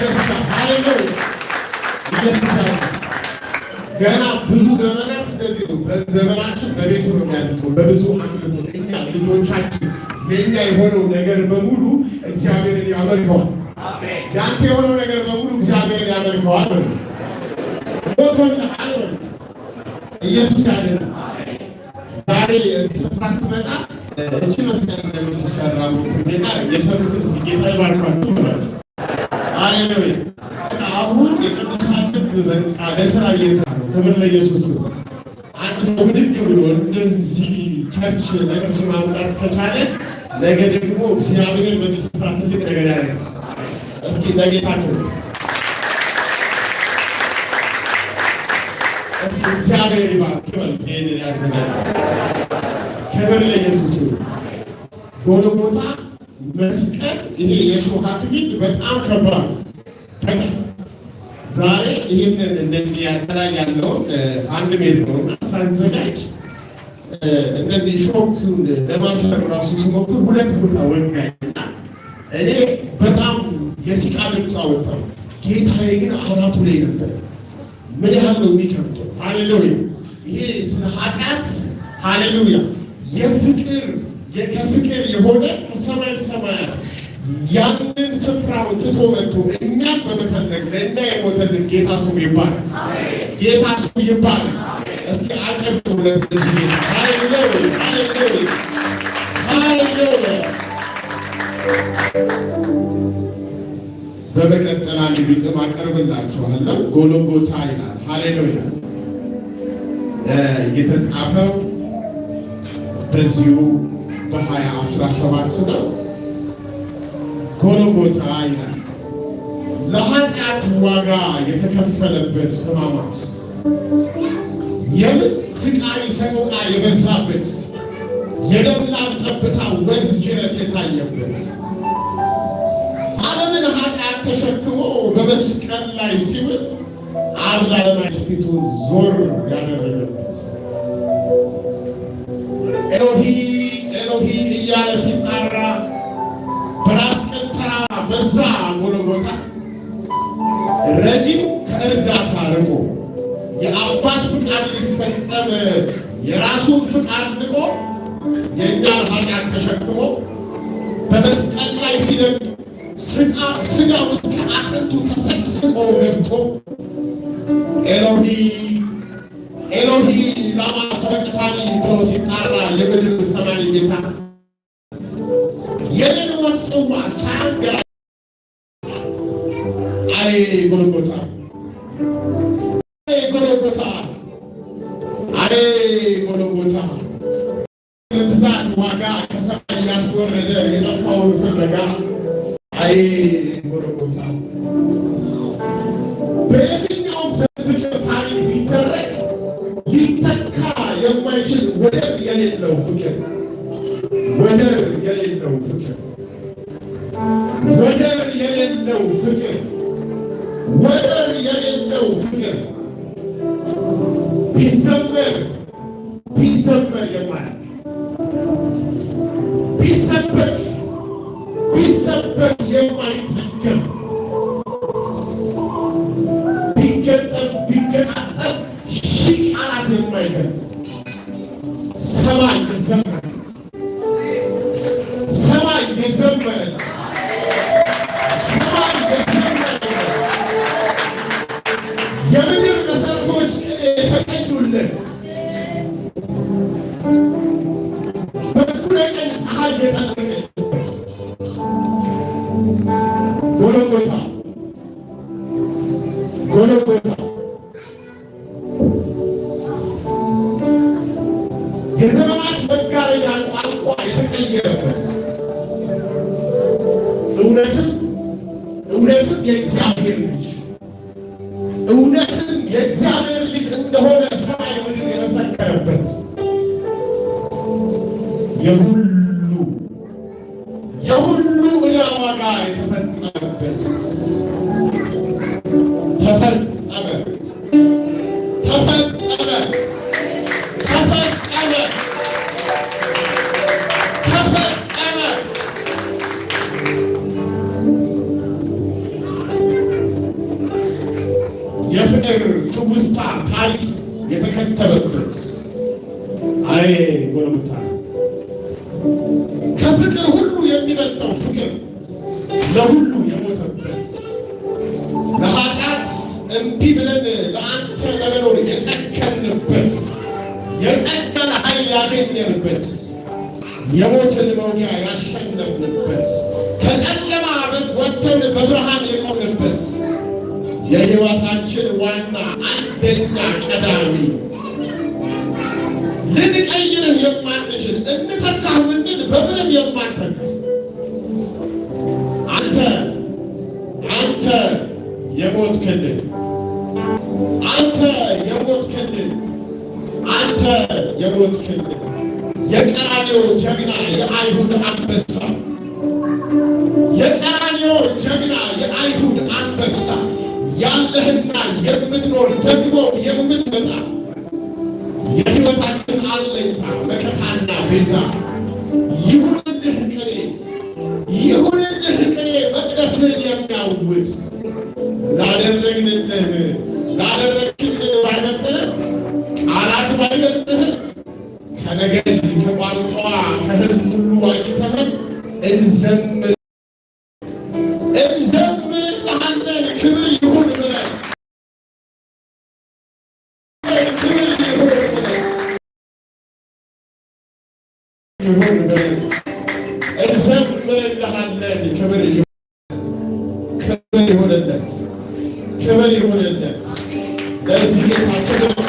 ያስደስታል። ሃሌሉያ ይደስታል። ገና ብዙ ዘመናት እንደዚህ ነው። በዘመናችን በቤቱ ነው የሚያልቀው፣ በብዙ አምልኮ እኛ ልጆቻችን የኛ የሆነው ነገር በሙሉ እግዚአብሔርን ያመልከዋል። ያንተ የሆነው ነገር በሙሉ እግዚአብሔርን ያመልከዋል። ኢየሱስ ያለ ዛሬ ስፍራ ስመጣ እቺ መስቀል ነው የምትሰራ ና የሰሩትን ጌታ ይባርካችሁ ብላችሁ ሃሌሉያ አሁን የቅዱሳን ልብ በቃ ለስራ እየታ ነው። ክብር ለኢየሱስ። አንድ ሰው ብድግ ብሎ እንደዚህ ቸርች ለቅርስ ማምጣት ከቻለ ነገ ደግሞ እግዚአብሔር በዚህ ስፍራ ትልቅ ነገር ያደርግ። እስኪ ለጌታ ክብር እግዚአብሔር ይባርክ። ይህንን ያዘጋጅ። ክብር ለኢየሱስ። ጎልጎታ መስቀል፣ ይሄ የሾህ አክሊል በጣም ከባድ ነው። ይህን እንደዚህ ያልተላይ ያለውን አንድ ሜል ነው ሳዘጋጅ እንደዚህ ሾክ ለማሰር ራሱ ሲሞክር ሁለት ቦታ ወጋኝና እኔ በጣም የሲቃ ድምፅ አወጣሁ። ጌታዬ ግን አናቱ ላይ ነበር። ምን ያህል ነው የሚከብደው? ሃሌሉያ! ይሄ ስለ ኃጢአት ሃሌሉያ! የፍቅር የከፍቅር የሆነ ከሰማይ ሰማያት ያንን ስፍራ ትቶ መጥቶ እኛም በመፈለግ ለእኛ የሞተልን ጌታ ስሙ ይባል። ጌታ ስሙ ይባል። እስኪ አጨብጭቡለት። በመቀጠል አንድ ግጥም አቀርብላችኋለሁ። ጎሎጎታ ይላል። ሃሌሉያ የተጻፈው በዚሁ በሀያ አስራ ሰባት ነው። ጎልጎታ ይላል። ለኃጢአት ዋጋ የተከፈለበት ሕማማት የምን ስቃይ ሰቆቃ የበዛበት የደም ላብ ጠብታ ወዝ ጅረት የታየበት ዓለምን ኃጢአት ተሸክሞ በመስቀል ላይ ሲውል አብ ለዓለማት ፊቱን ዞር ያደረገበት ኤሎሂ ኤሎሂ እያለ ሲጣራ ኃጢአት የራሱን ፍቃድ ንቆ የእኛን ኃጢአት ተሸክሞ በመስቀል ላይ ሲደግ ስጋ ውስጥ አጥንቱ ተሰብስቦ ገብቶ ኤሎሂ ኤሎሂ ላማ ሰበቅታኒ ብሎ ሲጣራ የምድር ሰማይ ጌታ የሌሎች ጽዋ ሳንገራ አይ ጎልጎታ የብዛት ዋጋ ከሰማይ እያስወረደ የጠፋውን ፍለጋ አይ ጎረጎታል። በየትኛውም ፍቅር ታሪክ ቢደረግ ሊተካ የማይችል ወደር የሌለው ፍቅር፣ ወደር የሌለው ፍቅር፣ ወደር የሌለው ፍቅር፣ ወደር የሌለው ፍቅር ቢዘመር ቢዘመር የማያል ቢሰበክ ቢሰበክ የማይጠገም ቢገጠም ቢገጣጠም ሺህ ቃላት የማይገልጽ ሰማይ የዘመነ ሰማይ የዘመነ ጎለጎታ ጎለጎታ የዘመናት መጋረጃ ቋንቋ የተቀየረበት እውነትም እውነትም የእግዚአብሔር ልጅ እውነትም የእግዚአብሔር ልጅ እንደሆነ ሰማይ የመሰከረበት የሁሉ የሁሉ ዕዳ ዋጋ የተፈጸመበት የፍቅር ትውስታ ታሪክ የተከተበበት አይ ጎለምታ ከፍቅር ሁሉ የሚበልጠው ፍቅር ለሁሉ የሞተበት ለኃጢአት እምቢ ብለን ለአንተ ለመኖር የጨከንበት የጸጋን ኃይል ያገኘንበት የሞትን መውጊያ ያሸነፍንበት አንደኛ ቀዳሚ ልንቀይርህ የማንችል እንተካህ ብንል በምንም የማንተካህ አንተ አንተ የሞት ክልል አንተ የሞት ክልል አንተ የሞት ክልል የቀራኔው ጀግና የአይሁድ አንበሳ የቀራኔው ጀግና የአይሁድ አንበሳ ያለህና የምትኖር ደግሞ የምትመጣ የህይወታችን አለኝታ መከታና ቤዛ ይሁንልህ ቅኔ ይሁንልህ ቅኔ መቅደስን የሚያውድ ላደረግንልህ ላደረግ يهون بدل الخلق لله النبي كبر يهون كبر يهون الناس كبر يهون الناس لازم يتعتبر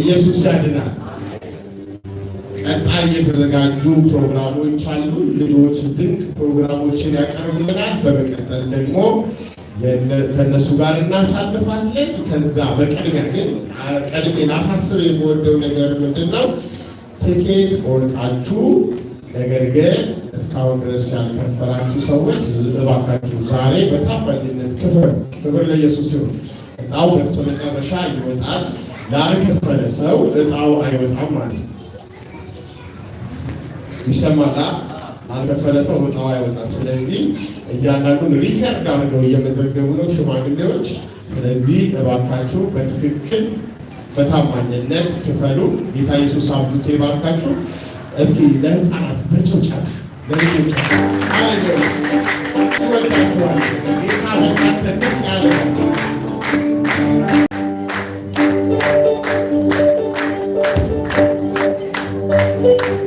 ኢየሱስ ያድናል። ቀጣይ የተዘጋጁ ፕሮግራሞች አሉ። ልጆች ድንቅ ፕሮግራሞችን ያቀርብልናል። በመቀጠል ደግሞ ከእነሱ ጋር እናሳልፋለን። ከዛ በቅድሚያ ግን ቀድሜ ላሳስብ የምወደው ነገር ምንድን ነው? ትኬት ቆርጣችሁ ነገር ግን እስካሁን ድረስ ያልከፈላችሁ ሰዎች እባካችሁ ዛሬ በታማኝነት ክፈሉ። ክብር ለኢየሱስ ይሁን። እጣው በስተመጨረሻ ይወጣል። ላልከፈለ ሰው እጣው አይወጣም ማለት ነው። ይሰማል። አልከፈለ ሰው ወጣው አይወጣም። ስለዚህ እያንዳንዱን ሪከርድ አድርገው እየመዘገቡ ነው ሽማግሌዎች። ስለዚህ እባካችሁ በትክክል በታማኝነት ክፈሉ። ጌታ ኢየሱስ አብዙቴ ባርካችሁ። እስኪ ለህፃናት በጭብጨባ ይወዳችኋል ጌታ ያለ